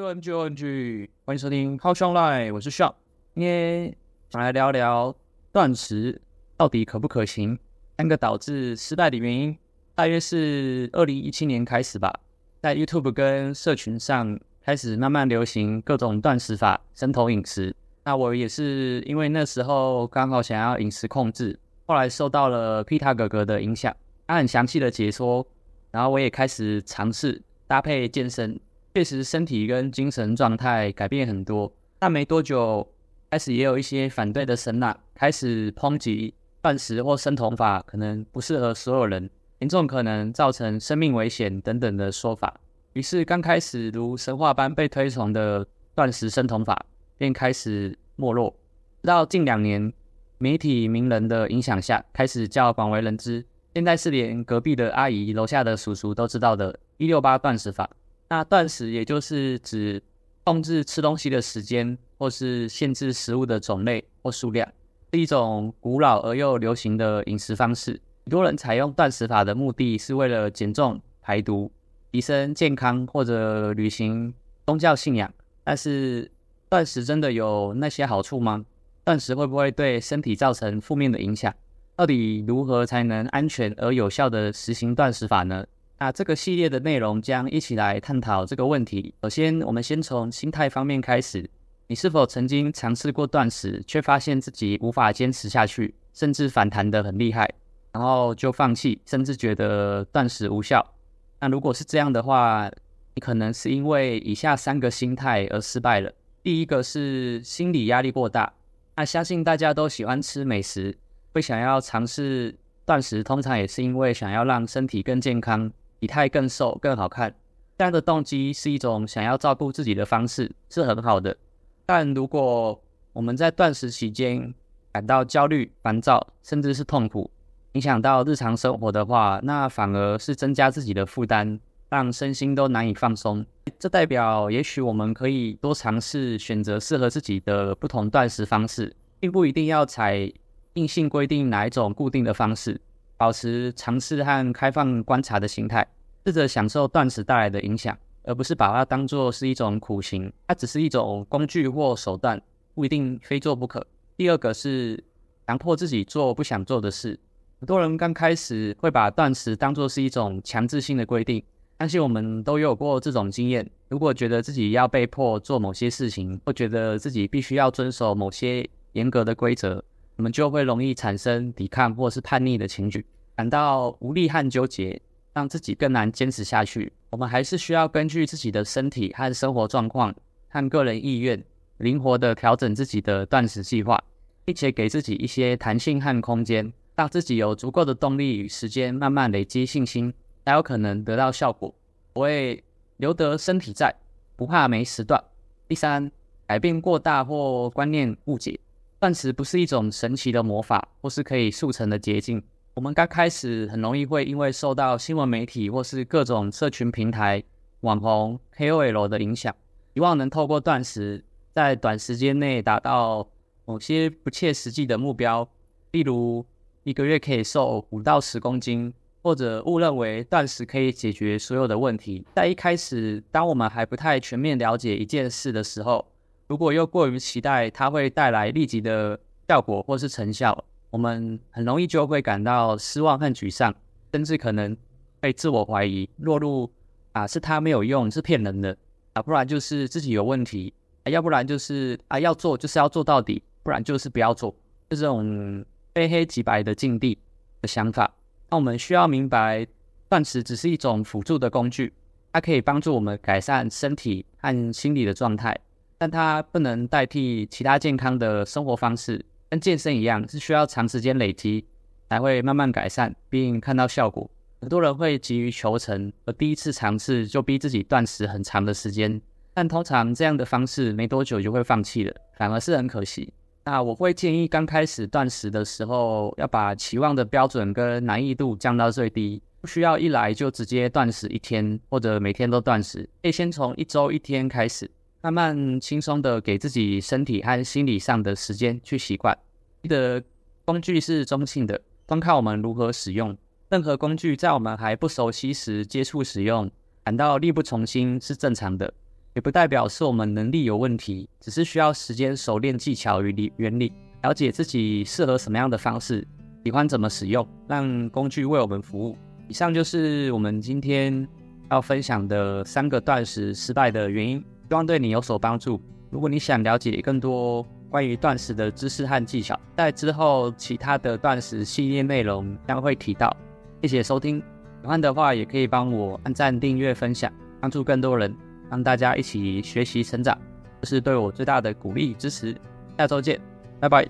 O N G O N -G, g，歡迎收聽 How Strong Live，我是 Sean，今天想來聊聊斷食到底可不可行？三個導致失敗的原因，大約是二零一七年開始吧，在 YouTube 跟社群上開始慢慢流行各種斷食法、生酮飲食。那我也是因為那時候剛好想要飲食控制，後來受到了 peeta 葛格的影響，他很詳細的解說，然後我也開始嘗試搭配健身。確實，身體跟精神狀態改變很多，但沒多久開始也有一些反對的聲浪，開始抨擊斷食或生酮法可能不適合所有人，嚴重可能造成生命危險等等的說法。於是，剛開始如神話般被推崇的斷食生酮法便開始沒落。直到近兩年，媒體名人的影響下，開始較廣為人知。現在是連隔壁的阿姨、樓下的叔叔都知道的“一六八斷食法”。那斷食也就是指控制吃東西的時間，或是限制食物的種類或數量，是一種古老而又流行的飲食方式。許多人採用斷食法的目的是為了減重、排毒、提升健康或者履行宗教信仰。但是，斷食真的有哪些好處嗎？斷食會不會對身體造成負面的影響？到底如何才能安全而有效地實行斷食法呢？那這個系列的內容將一起來探討這個問題。首先，我們先從心態方面開始。你是否曾經嘗試過斷食，卻發現自己無法堅持下去，甚至反彈得很厲害，然後就放棄，甚至覺得斷食無效？那如果是這樣的話，你可能是因為以下三個心態而失敗了。第一個是心理壓力過大。那相信大家都喜歡吃美食，會想要嘗試斷食，通常也是因為想要讓身體更健康。體態更瘦更好看，這樣的動機是一種想要照顧自己的方式，是很好的。但如果我們在斷食期間感到焦慮、煩躁，甚至是痛苦，影響到日常生活的話，那反而是增加自己的負擔，讓身心都難以放鬆。這代表，也許我們可以多嘗試選擇適合自己的不同斷食方式，並不一定要採硬性規定哪一種固定的方式。保持嘗試和開放觀察的心態，試着享受斷食帶來的影響，而不是把它當做是一種苦行。它只是一種工具或手段，不一定非做不可。第二個是強迫自己做不想做的事。很多人剛開始會把斷食當做是一種強制性的規定，相信我們都有過這種經驗。如果覺得自己要被迫做某些事情，或覺得自己必須要遵守某些嚴格的規則。我們就會容易產生抵抗或是叛逆的情緒，感到無力和糾結，讓自己更難堅持下去。我們還是需要根據自己的身體和生活狀況和個人意願，靈活地調整自己的斷食計劃，並且給自己一些彈性和空間，讓自己有足夠的動力與時間，慢慢累積信心，才有可能得到效果。所謂留得身體在，不怕沒時段。第三，改變過大或觀念誤解。斷食不是一種神奇的魔法，或是可以速成的捷徑。我們剛開始很容易會因為受到新聞媒體或是各種社群平台、網紅 KOL 的影響，希望能透過斷食在短時間內達到某些不切實際的目標，例如一個月可以瘦五到十公斤，或者誤認為斷食可以解決所有的問題。在一開始，當我們還不太全面了解一件事的時候，如果又過於期待它會帶來立即的效果或是成效，我們很容易就會感到失望和沮喪，甚至可能被自我懷疑，落入啊是他沒有用是騙人的，啊，不然就是自己有問題，啊、要不然就是啊要做就是要做到底，不然就是不要做，這種非黑，黑即白的境地的想法。那我們需要明白，斷食只是一種輔助的工具，它可以幫助我們改善身體和心理的狀態。但它不能代替其他健康的生活方式，跟健身一樣，是需要長時間累積才會慢慢改善並看到效果。很多人會急於求成，而第一次嘗試就逼自己斷食很長的時間，但通常這樣的方式沒多久就會放棄了，反而是很可惜。那我會建議剛開始斷食的時候，要把期望的標準跟難易度降到最低，不需要一來就直接斷食一天或者每天都斷食，可以先從一周一天開始。慢慢輕鬆的給自己身體和心理上的時間去習慣。記得，工具是中性的，光靠我們如何使用。任何工具在我們還不熟悉時接觸使用，感到力不從心是正常的，也不代表是我們能力有問題，只是需要時間熟練技巧與原理，了解自己適合什麼樣的方式，喜歡怎麼使用，讓工具為我們服務。以上就是我們今天要分享的三個斷食失敗的原因。希望對你有所幫助。如果你想了解更多關於斷食的知識和技巧，在之後其他的斷食系列內容將會提到。謝謝收聽，喜歡的話也可以幫我按讚、訂閱、分享，幫助更多人，讓大家一起學習成長。這是對我最大的鼓勵與支持。下週見，拜拜。